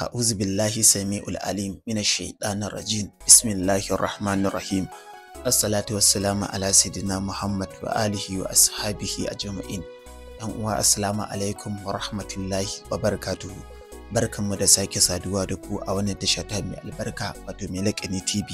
أعوذ بالله سميع Ina من الشيطان الرجيم بسم ala الرحمن muhammad sayidina Muhammad wa alihi wa ashabihi ajma'in. Dan uwa assalamu alaikum wa rahmatullahi wa barakatuh. barkanmu da sake saduwa da ku a wannan tasha ta mai albarka wato mai laƙani tv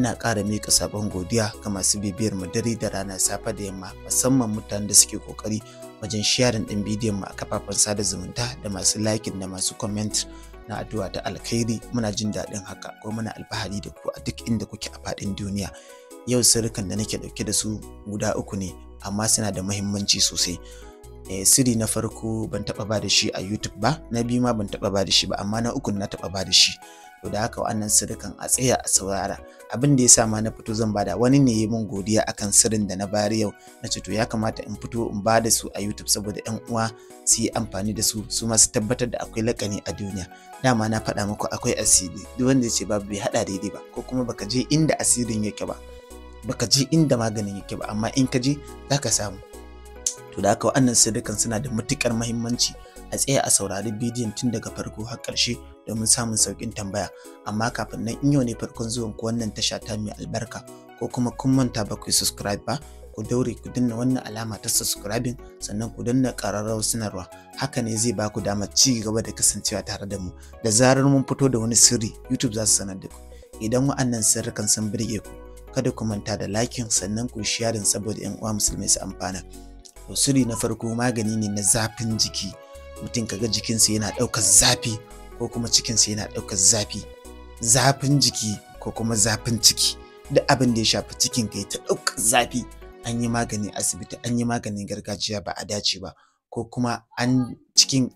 ina ƙara miƙa sabon godiya ga masu bibiyar mu dare da rana safa da yamma musamman mutanen da suke kokari wajen sharing din bidiyon mu a kafafen sada zumunta da masu liking da masu comment na addu'a ta alkhairi muna jin daɗin haka ko muna alfahari da ku a duk inda kuke a faɗin duniya yau sirrikan da nake ɗauke da su guda uku ne amma suna da muhimmanci sosai eh, siri na farko ban taɓa ba da shi a youtube ba na biyu ma ban taɓa ba da shi ba amma na uku na taɓa ba da shi to da haka wannan sirrukan a tsaya a saurara abin da ya sa ma na fito zan bada wani ne ya min godiya akan sirrin da na bayar yau na ce to ya kamata in fito in bada su a YouTube saboda yan uwa su yi amfani da su su ma su tabbatar da akwai lakani a duniya dama na faɗa muku akwai asiri duk wanda ya ce babu bai haɗa daidai ba ko kuma baka je inda asirin yake ba baka je inda maganin yake ba amma in ka je zaka samu to da haka wannan sirrikan suna da matukar muhimmanci a tsaya a saurari bidiyon tun daga farko har ƙarshe domin samun saukin tambaya amma kafin nan in yau ne farkon zuwan ku wannan tasha ta mai albarka ko kuma kun manta ba ku subscribe ba ku daure ku danna wannan alama ta subscribing sannan ku danna ƙararrawar sanarwa haka ne zai ba ku damar ci gaba da kasancewa tare da mu da zarar mun fito da wani sirri YouTube za su sanar da ku idan wa'annan sirrukan sun birge ku kada ku manta da lakin sannan ku sharing saboda yan uwa musulmai su amfana to sirri na farko magani ne na zafin jiki mutum kaga jikinsa yana ɗaukar zafi ko kuma cikinsa yana ɗaukar zafi zafin jiki ko kuma zafin ciki duk abin da ya shafi cikin ka ta ɗaukar zafi an yi magani asibiti an yi maganin gargajiya ba a dace ba ko kuma an cikin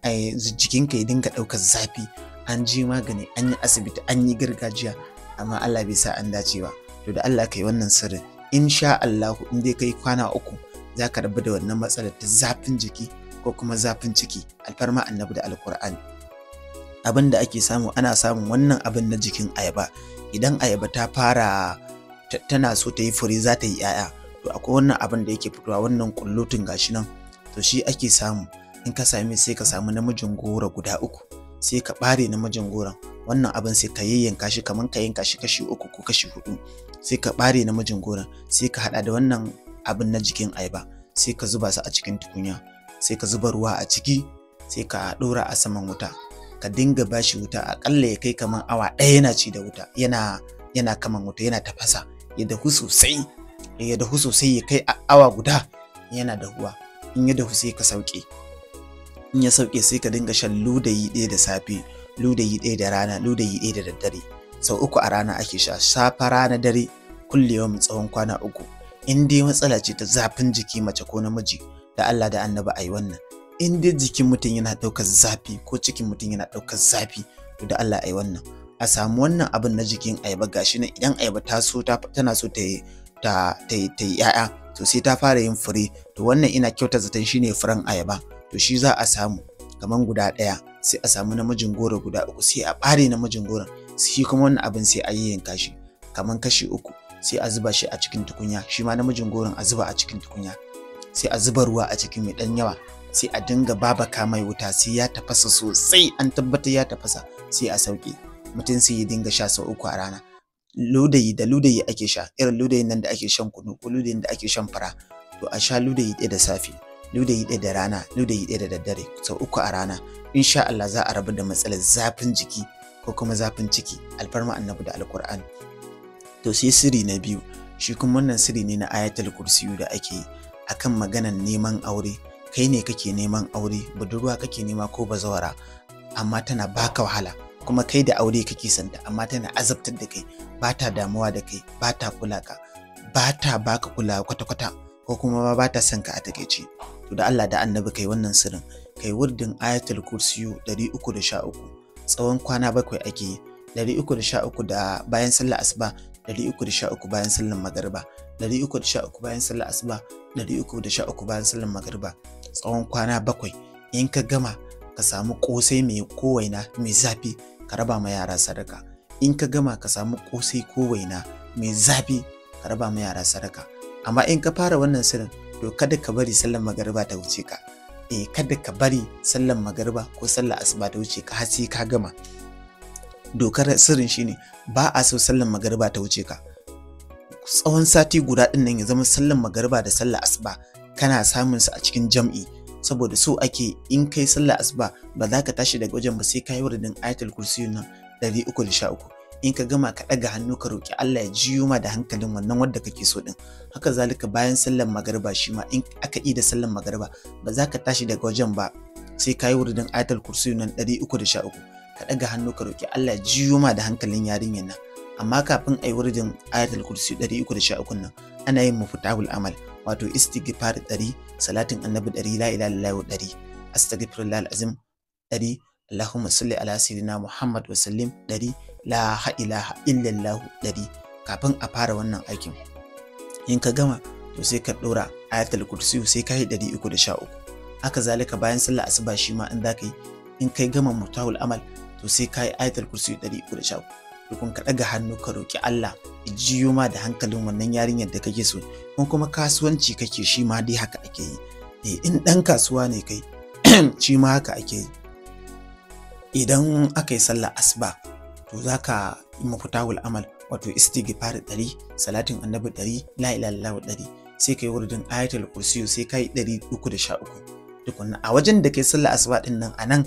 jikinka ya dinga ɗaukar zafi an ji magani an yi asibiti an yi gargajiya amma Allah bai sa an dace ba to da Allah kai wannan sirrin insha Allah in dai kai kwana uku za ka rabu da wannan matsalar ta zafin jiki ko kuma zafin ciki alfarma annabi da alkur'ani abin da ake samu ana samun wannan abin na jikin ayaba idan ayaba ta fara tana so ta yi fure za ta yi 'ya'ya to akwai wannan abin da yake fitowa wannan kullutun gashi nan to shi ake samu in ka sami sai ka samu namijin goro guda uku sai ka bare namijin goron wannan abin sai ka yayyanka shi kaman ka yanka shi kashi uku ko kashi hudu sai ka bare namijin goron sai ka hada da wannan abin na jikin ayaba sai ka zuba su a cikin tukunya sai ka zuba ruwa a ciki sai ka dora a saman wuta ka dinga bashi wuta akalla ya kai kamar awa ɗaya yana ci da wuta yana yana kaman wuta yana tafasa ya dahu sosai ya dahu sosai ya kai awa guda yana dahuwa in ya dahu sai ka sauke in ya sauke sai ka dinga shan ludayi ɗaya da safe ludayi ɗaya da rana ludayi ɗaya da daddare sau uku a rana ake sha safa rana dare kullewa tsawon kwana uku in dai matsala ce ta zafin jiki mace ko namiji da Allah da annaba ayi wannan in dai jikin mutum yana ɗaukar zafi ko cikin mutum yana ɗaukar zafi to da Allah ai wannan a samu wannan abin na jikin ayaba gashi nan idan ayaba ta so tana so ta ta ta ya'ya to sai ta fara yin fure to wannan ina kyauta zaton shine furen ayaba to shi za a samu kaman guda ɗaya sai a samu namijin goro guda uku sai a ɓare namijin goron shi kuma wannan abin sai a yi yanka shi kaman kashi uku sai a zuba shi a cikin tukunya shi ma namijin goron a zuba a cikin tukunya sai a zuba ruwa a cikin mai ɗan yawa sai a dinga babaka mai wuta sai ya tafasa sosai an tabbatar ya tafasa sai a sauke mutum sai ya dinga sha sau uku a rana ludayi da ludayi ake sha irin ludayin nan da ake shan kunu ko ludayin da ake shan fara to a sha ludayi ɗaya da safe ludayi ɗaya da rana ludayi ɗaya da daddare sau uku a rana insha Allah za a rabu da matsalar zafin jiki ko kuma zafin ciki alfarma annabi da alkur'ani to sai sirri na biyu shi kuma wannan sirri ne na ayatul kursiyu da ake yi akan maganan neman aure kai ne kake neman aure budurwa kake nema ko bazawara amma tana baka wahala kuma kai da aure kake santa amma tana azabtar da kai ba ta damuwa da kai ba ta kula ka ba ta baka kula kwata-kwata ko kuma ba ta son ka a takeici to da Allah da annabi kai wannan sirrin kai wurdin ayatul kursiyu 313 tsawon kwana bakwai ake yi 313 da bayan sallar asuba 313 bayan sallar magariba 313 bayan sallar asuba 313 bayan sallar magariba tsawon kwana bakwai in ka gama ka samu kosai mai kowaina mai zafi ka raba ma yara sadaka in ka gama ka samu kosai kowaina mai zafi ka raba ma yara sadaka amma in ka fara wannan sirrin to kada ka bari sallar magariba ta wuce ka eh kada ka bari sallar magariba ko sallar asuba ta wuce ka har sai ka gama dokar sirrin shine ba a so sallar magariba ta wuce ka tsawon sati guda din nan ya zama sallar magariba da sallar asuba kana samun su a cikin jam'i saboda so ake in kai sallar asuba ba za ka tashi daga wajen ba sai ka yi wuridin ayatul kursi nan 313 in ka gama ka ɗaga hannu ka roƙi Allah ya jiyo ma da hankalin wannan wanda kake so din haka zalika bayan sallar magariba shi ma in aka yi da sallar magariba ba za ka tashi daga wajen ba sai ka yi wuridin ayatul kursi nan 313 ka ɗaga hannu ka roƙi Allah ya jiyo ma da hankalin yarinyar nan amma kafin a yi ayatul kursi 313 nan ana yin mufutahul amal wato istighfar ɗari salatin annabi ɗari la ilaha illallah ɗari astaghfirullahal azim ɗari allahumma salli ala sayyidina muhammad wa sallim ɗari la ilaha illallah ɗari kafin a fara wannan aikin in ka gama to sai ka ɗora ayatul kursi sai ka yi ɗari uku da sha uku haka zalika bayan sallah asuba shi ma in za ka yi in kai gama mutahul amal to sai ka yi ayatul kursi ɗari uku da sha uku to kun ka ɗaga hannu ka roƙi Allah ijiyo ma da hankalin wannan yarinyar da kake so Kuma kuma kasuwanci kake shi ma dai haka ake yi eh, in ɗan kasuwa ne kai shi ma haka ake yi idan aka yi sallar asuba to za ka yi mafuta amal wato istighfar ɗari salatin annabi ɗari la ilaha ɗari sai ka yi wurdin ayatul kursiyu sai ka yi ɗari uku da sha uku tukunna a wajen da kai sallar asuba ɗin nan a nan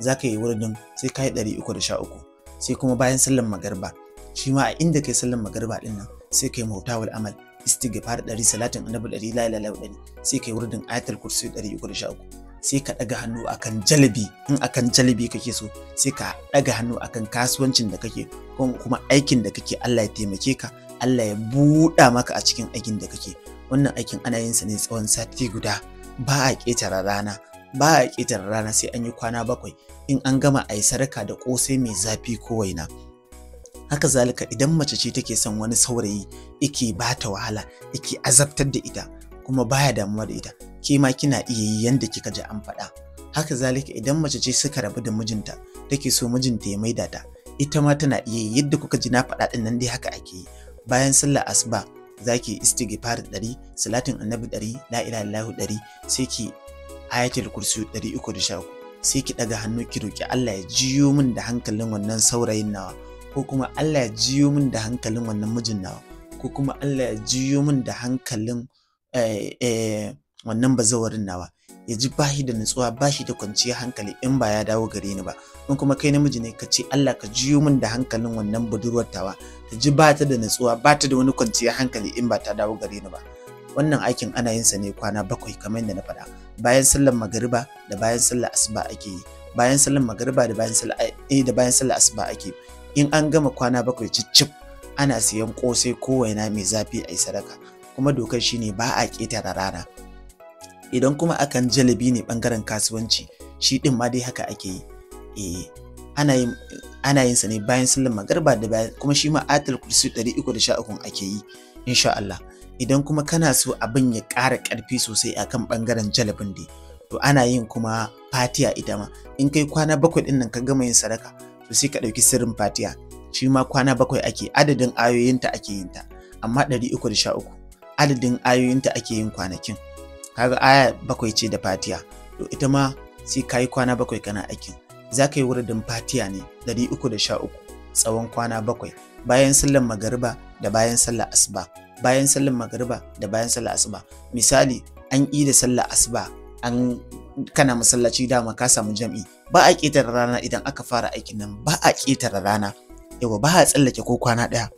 za ka yi wurdin sai ka yi ɗari uku da sha uku sai kuma bayan sallar magarba shi ma a inda kai sallar magarba ɗin nan sai ka yi mafuta amal istighfar 100 salatin annabi 100 la ilaha illallah sai kai wurdin ayatul kursi uku, sai ka ɗaga hannu akan jalabi in akan jalabi kake so sai ka daga hannu akan kasuwancin da kake kuma aikin da kake Allah ya taimake ka Allah ya buɗa maka a cikin aikin da kake wannan aikin ana yin sa ne tsawon sati guda ba a ƙetare rana ba a ƙetare rana sai an yi kwana bakwai in an gama a yi sarka da ƙosai mai zafi ko waina haka zalika idan mace ce take son wani saurayi yake ba ta wahala yake azabtar da ita kuma baya damuwa da ita ke ma kina iya yi yanda kika ji an faɗa haka zalika idan mace ce suka rabu da mijinta take so mijinta ya maida ta ita ma tana iya yi yadda kuka ji na faɗa ɗin nan dai haka ake yi bayan sallah asuba zaki istighfar ɗari salatin annabi ɗari la ilaha illahu ɗari sai ki ayatul kursi ɗari uku da sha sai ki ɗaga hannu ki roki Allah ya jiyo min da hankalin wannan saurayin nawa ko kuma Allah ya jiyo min da hankalin wannan mijin nawa ko kuma Allah ya jiyo min da hankalin eh, eh, wannan bazawarin nawa ya ji bashi da nutsuwa bashi da kwanciyar hankali in ba ya dawo gare ni ba in kuma kai namiji ne ka ce Allah ka jiyo min da hankalin wannan budurwar tawa ta ji ba ta da nutsuwa ba ta da wani kwanciyar hankali in ba ta dawo gare ni ba wannan aikin ana yin sa ne kwana bakwai kamar yadda na faɗa bayan sallar magariba da bayan sallar asuba ake yi bayan sallar magariba eh, asuba ake in an gama kwana bakwai cicif ana siyan kosai ko waina mai zafi a sadaka kuma dokar shine ba a ƙetare rana idan kuma akan jalabi ne bangaren kasuwanci shi din ma dai haka ake yi eh ana yin sa ne bayan sallar magarba da bayan kuma shi ma atal kursi 313 ake yi insha Allah idan kuma kana so abin ya ƙara ƙarfi sosai akan bangaren jalabin dai to ana yin kuma fatiya ita ma in kai kwana bakwai din ka gama yin sadaka to sai ka ɗauki sirrin Fatiya. shi ma kwana bakwai ake adadin ayoyinta ake yin ta amma ɗari uku da sha uku adadin ayoyinta ake yin kwanakin kaga aya bakwai ce da Fatiya. to ita ma sai ka yi kwana bakwai kana aikin za ka yi wuridin Fatiya ne ɗari uku da sha uku tsawon kwana bakwai bayan sallar magariba da bayan sallar asuba bayan sallar magariba da bayan sallar asuba misali an yi da sallar asuba an kana masallaci dama ka samu jam'i ba a ƙetare rana idan aka fara aikin nan ba a ƙetare rana yawa ba a tsallake ko kwana ɗaya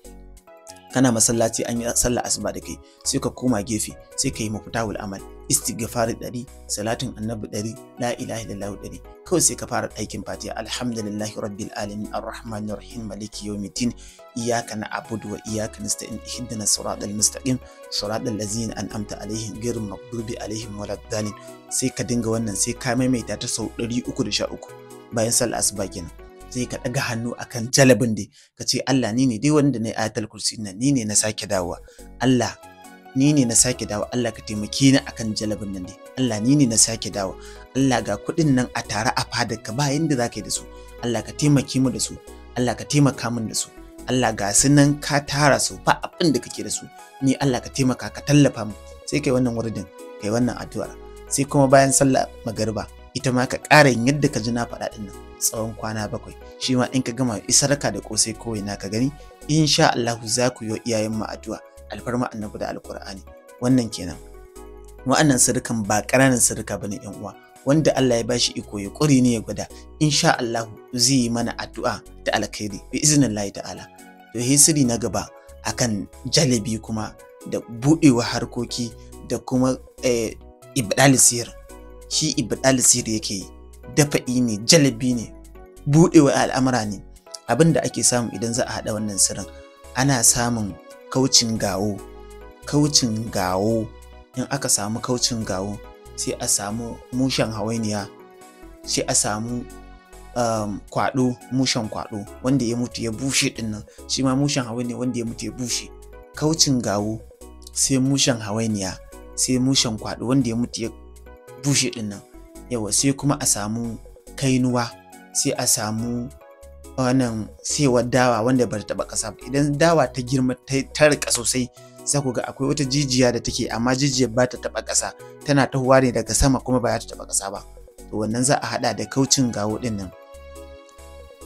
kana masallaci an yi sallah asuba da kai sai ka koma gefe sai ka yi mafutahul amal istighfar ɗari salatin annabi ɗari la ilaha illallah ɗari kawai sai ka fara aikin fatiha alhamdulillahi rabbil alamin arrahmanir rahim maliki yawmiddin iyyaka na'budu wa iyyaka nasta'in ihdinas siratal mustaqim siratal ladzina an'amta alaihim ghayril maghdubi alaihim waladdallin sai ka dinga wannan sai ka maimaita ta sau 313 bayan sallah asuba kenan sai ka ɗaga hannu akan jalabin dai ka ce Allah ni ne dai wanda na yi ayatul kursi na ni ne na sake dawowa Allah ni ne na sake dawo Allah ka taimake ni akan jalabin nan dai Allah ni ne na sake dawo Allah ga kuɗin nan a tare a fadar ka ba yanda zaka yi da su Allah ka taimake mu da su Allah ka taimaka min da su Allah ga su nan ka tara su ba abin da kake da su ni Allah ka taimaka ka tallafa mu sai kai wannan wurdin, kai wannan addu'ar sai kuma bayan sallah magariba ita ma ka ƙara yin yadda ka ji na faɗa ɗin nan tsawon kwana bakwai shi ma in ka gama isarka da kosai kowai na ka gani insha Allah za ku yi iyayen mu addu'a alfarma annabi da alqur'ani wannan kenan wa'annan sirrukan ba ƙananan sirruka bane yan uwa wanda Allah ya bashi iko ya ƙuri ne ya gwada insha Allah zai yi mana addu'a da alkhairi bi iznillahi ta'ala to hisiri na gaba akan jalabi kuma da buɗewa harkoki da kuma eh, ibdal sihir shi ibdal sihir yake yi dafa'i ne jalabi ne buɗewa al'amura ne abin da ake samu idan za a haɗa wannan sirrin ana samun kaucin gawo kaucin gawo in aka samu kaucin gawo sai a samu mushen hawainiya sai a samu um, kwado mushen kwado wanda ya mutu ya bushe din nan shi ma mushen hawainiya wanda ya mutu ya bushe kaucin gawo sai mushen hawainiya sai mushen kwado wanda ya mutu ya bushe din nan yawa sai kuma a samu kainuwa sai a samu wannan saiwar dawa wanda ba ta taba kasa ba idan dawa ta girma ta rika sosai za ku ga akwai wata jijiya da take amma jijiyar ba ta taba kasa tana tahowa ne daga sama kuma ba ta taba kasa ba to wannan za a hada da kaucin gawo din nan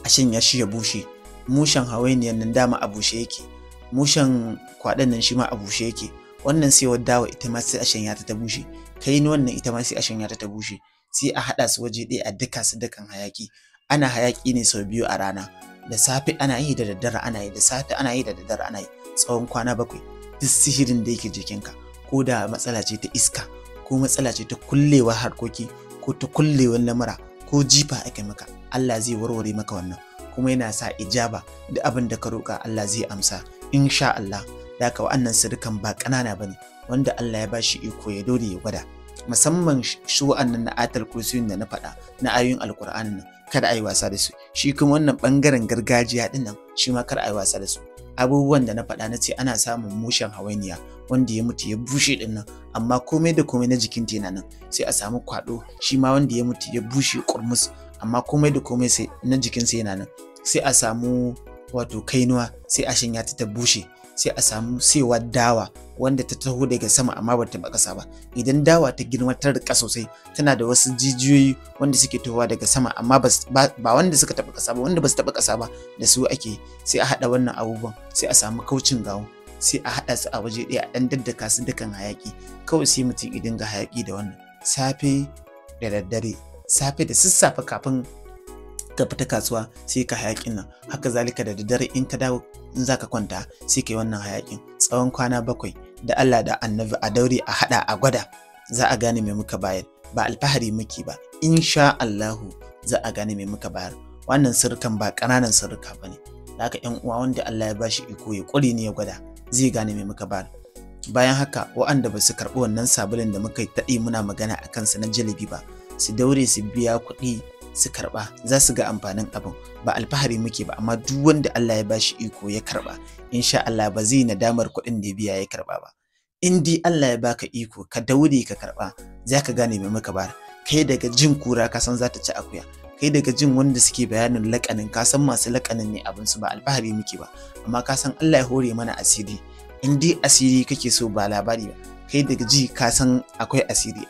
a shanya shi ya bushe mushen hawainiyan nan dama a bushe yake mushen kwaɗan nan shi ma a bushe yake wannan saiwar dawa ita ma sai a shanya ta ta bushe kai ni wannan ita ma sai a shanya ta ta bushe sai a haɗa su waje ɗaya a duka su dukan hayaki ana hayaki ne sau biyu a rana da safe ana yi da daddare ana yi da safe ana yi da daddare ana yi tsawon kwana bakwai duk sihirin da yake jikinka ko da matsala ce ta iska ko matsala ce ta kullewa harkoki ko ta kullewa lamura ko jifa ake maka Allah zai warware maka wannan kuma yana sa ijaba da abin da ka roƙa Allah zai amsa insha Allah da ka wa'annan sirrukan ba ƙanana bane wanda Allah ya bashi iko ya dore ya gwada musamman shi wa'annan na atal kursiyun da na faɗa na ayoyin alkur'anin nan kada a yi wasa da su shi kuma wannan ɓangaren gargajiya ɗin nan shi ma kada a yi wasa da su abubuwan da na faɗa na ce ana samun mushen hawainiya wanda ya mutu ya bushe ɗin nan amma komai da komai na jikin tena nan sai a samu kwaɗo shi ma wanda ya mutu ya bushe ƙurmus amma komai da komai sai na jikin sa yana nan sai a samu wato kainuwa sai a shanya ta bushe sai a samu sewa dawa wanda ta taho daga sama amma ba ta taba ƙasa ba idan dawa ta girma ta rika sosai tana da wasu jijiyoyi wanda suke tohowa daga sama amma ba wanda suka taba kasa ba wanda ba su taba ƙasa ba da su ake sai a haɗa wannan abubuwan sai a samu kaucin gawo sai a haɗa su a waje daya a ɗan daddaka su dukan hayaƙi kawai sai mutum ya dinga hayaƙi da wannan safe da daddare safe da sassafe kafin ka fita kasuwa sai ka hayakin nan haka zalika da daddare in ka dawo in zaka kwanta sai ka yi wannan hayakin tsawon kwana bakwai da Allah da annabi a daure a haɗa a gwada za a gane mai muka bayar ba alfahari muke ba insha Allahu za a gane mai muka bayar wannan sirrukan ba ƙananan sirruka ba ne haka ‘yan uwa wanda Allah ya bashi iko ya ƙuri ne ya gwada zai gane mai muka bayar bayan haka waɗanda ba su karɓi wannan sabulin da muka yi taɗi muna magana a kansa na jalibi ba su daure su biya kuɗi su karba za su ga amfanin abin ba alfahari muke ba amma duk wanda Allah ya bashi iko ya karba insha Allah ba zai nadamar kuɗin da ya biya ya karba ba in dai Allah ya baka iko ka daure ka karba za ka gane mai maka bar kai daga jin kura ka san za ta ci akuya kai daga jin wanda suke bayanin lakanin ka san masu lakanin ne abin su ba alfahari muke ba amma ka san Allah ya hore mana asiri in dai asiri kake so ba labari ba kai daga ji ka san akwai asiri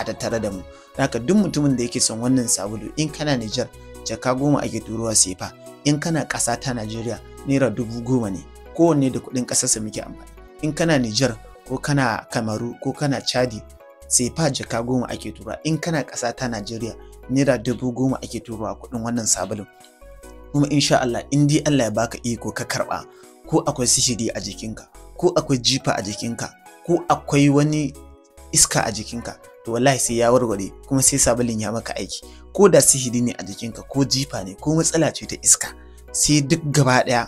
a tattare da mu haka duk mutumin da yake son wannan sabulu in kana Nijar jaka goma ake turowa sefa in kana ƙasa ta Najeriya naira dubu goma ne kowanne da kuɗin ƙasarsa muke amfani in kana Nijar ko kana Kamaru ko kana Chadi sefa jaka goma ake turawa in kana ƙasa ta Najeriya naira dubu goma ake turuwa kuɗin wannan sabulu. kuma insha Allah in dai Allah ya baka iko ka karɓa ko akwai sishiri a jikinka ko akwai jifa a jikinka ko akwai wani iska a jikinka to wallahi sai ya warware kuma sai sabulin ya maka aiki ko da sihiri ne a jikinka ko jifa ne ko matsala ce ta iska sai duk gaba daya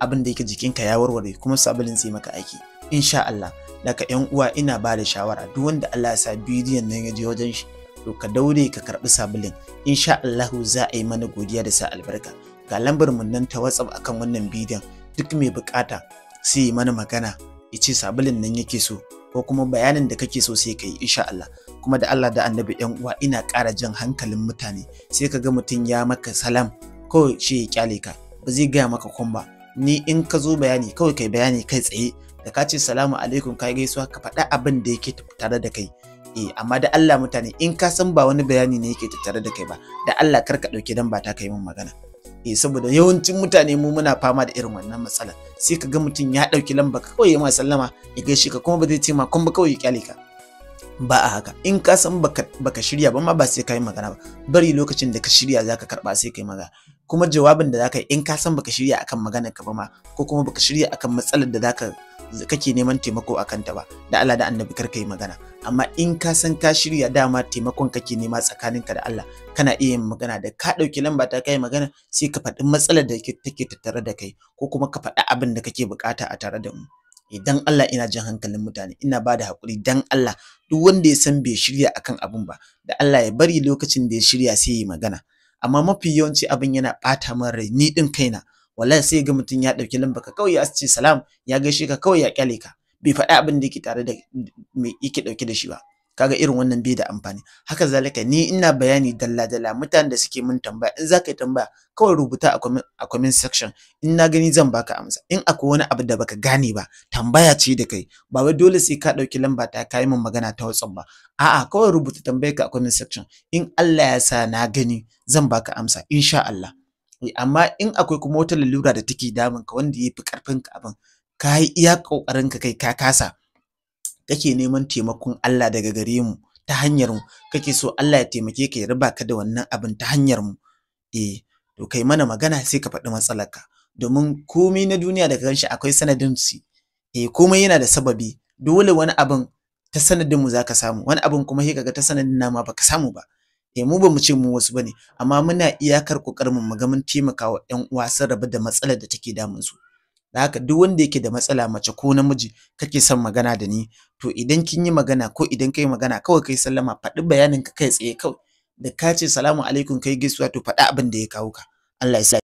abin da yake jikinka ya warware kuma sabulin sai maka aiki insha Allah daga yan uwa ina ba da shawara duk wanda Allah ya sa bidiyon nan ya je wajen shi to ka daure ka karbi sabulin insha Allah za a yi mana godiya da sa albarka ga lambar mun nan ta WhatsApp akan wannan bidiyon duk mai bukata sai yi mana magana ya ce sabulin nan yake so ko kuma bayanin da kake so sai kai insha Allah kuma da Allah da annabi yan uwa ina ƙara jan hankalin mutane sai ka ga mutum ya maka salam ko shi ya kyale ka ba zai gaya maka kun ba ni in ka zo bayani kawai kai bayani kai tsaye da ka ce salamu alaikum ka gaisuwa ka faɗa abin da yake tare da kai eh amma da Allah mutane in ka san ba wani bayani ne yake tattare da kai ba da Allah kar ka ɗauki dan ba ta kai min magana eh saboda yawancin mutane mu muna fama da irin wannan matsala, sai ka ga mutum ya ɗauki lamba kawai ya ma sallama ya gaishe ka kuma ba zai ce ma kun ba kawai ya kyale ka ba a haka in ka san baka shirya ba ma ba sai ka yi magana ba bari lokacin da ka shirya zaka karba sai ka yi magana kuma jawabin da zaka yi in ka san baka shirya akan maganar ka ba ma ko kuma baka shirya akan matsalar da zaka kake neman taimako a kanta ba da Allah da annabi kar ka yi magana amma in ka san ka shirya dama taimakon kake nema tsakaninka da Allah kana iya yin magana da ka ɗauki lamba ta kai magana sai ka faɗi matsalar da take tattare da kai ko kuma ka faɗi abin da kake bukata a tare da mu idan Allah ina jin hankalin mutane ina ba da haƙuri dan Allah duk wanda ya san bai shirya akan abin ba da Allah ya bari lokacin da ya shirya sai ya yi magana amma mafi yawanci abin yana ɓata min rai ni ɗin kaina wallahi sai ga mutum ya ɗauki lamba ka kawai ya ce salam ya gaishe ka kawai ya kyale ka bai faɗi abin da yake tare da me yake ɗauke da shi ba kaga irin wannan bai da amfani haka zalika ni ina bayani dalla dalla mutanen da suke min tambaya in zaka yi tambaya kawai rubuta a comment a comment section in na gani zan baka amsa in akwai wani abu da baka gane ba tambaya ce da kai ba wai dole sai ka dauki lamba ta kai min magana ta WhatsApp ba a'a kawai rubuta tambayar ka a comment section in Allah ya sa na gani zan baka amsa insha Allah amma in akwai kuma wata lalura da take damun ka wanda ya fi karfin ka abin ka yi iya kokarin ka kai ka kasa kake neman taimakon Allah daga gare mu ta hanyar mu kake so Allah ya taimake ka ya riba ka da wannan abin ta hanyar mu eh to kai mana magana sai ka faɗi matsalarka domin komai na duniya daga ganshi akwai sanadin su eh komai yana da sababi dole wani abin ta sanadin mu zaka samu wani abin kuma sai kaga ta sanadin nama baka samu ba eh mu ba mu ce mu wasu bane amma muna iyakar kokarin mu ga mun taimaka wa ƴan uwa sun rabu da matsalar da take damun su da haka duk wanda yake da matsala mace ko namiji kake son magana da ni to idan kin yi magana ko idan kai magana kawai kai sallama faɗi bayanin ka kai tsaye kawai da ka ce salamu alaikum kai gaisuwa to faɗi abin da ya kawo ka Allah ya sa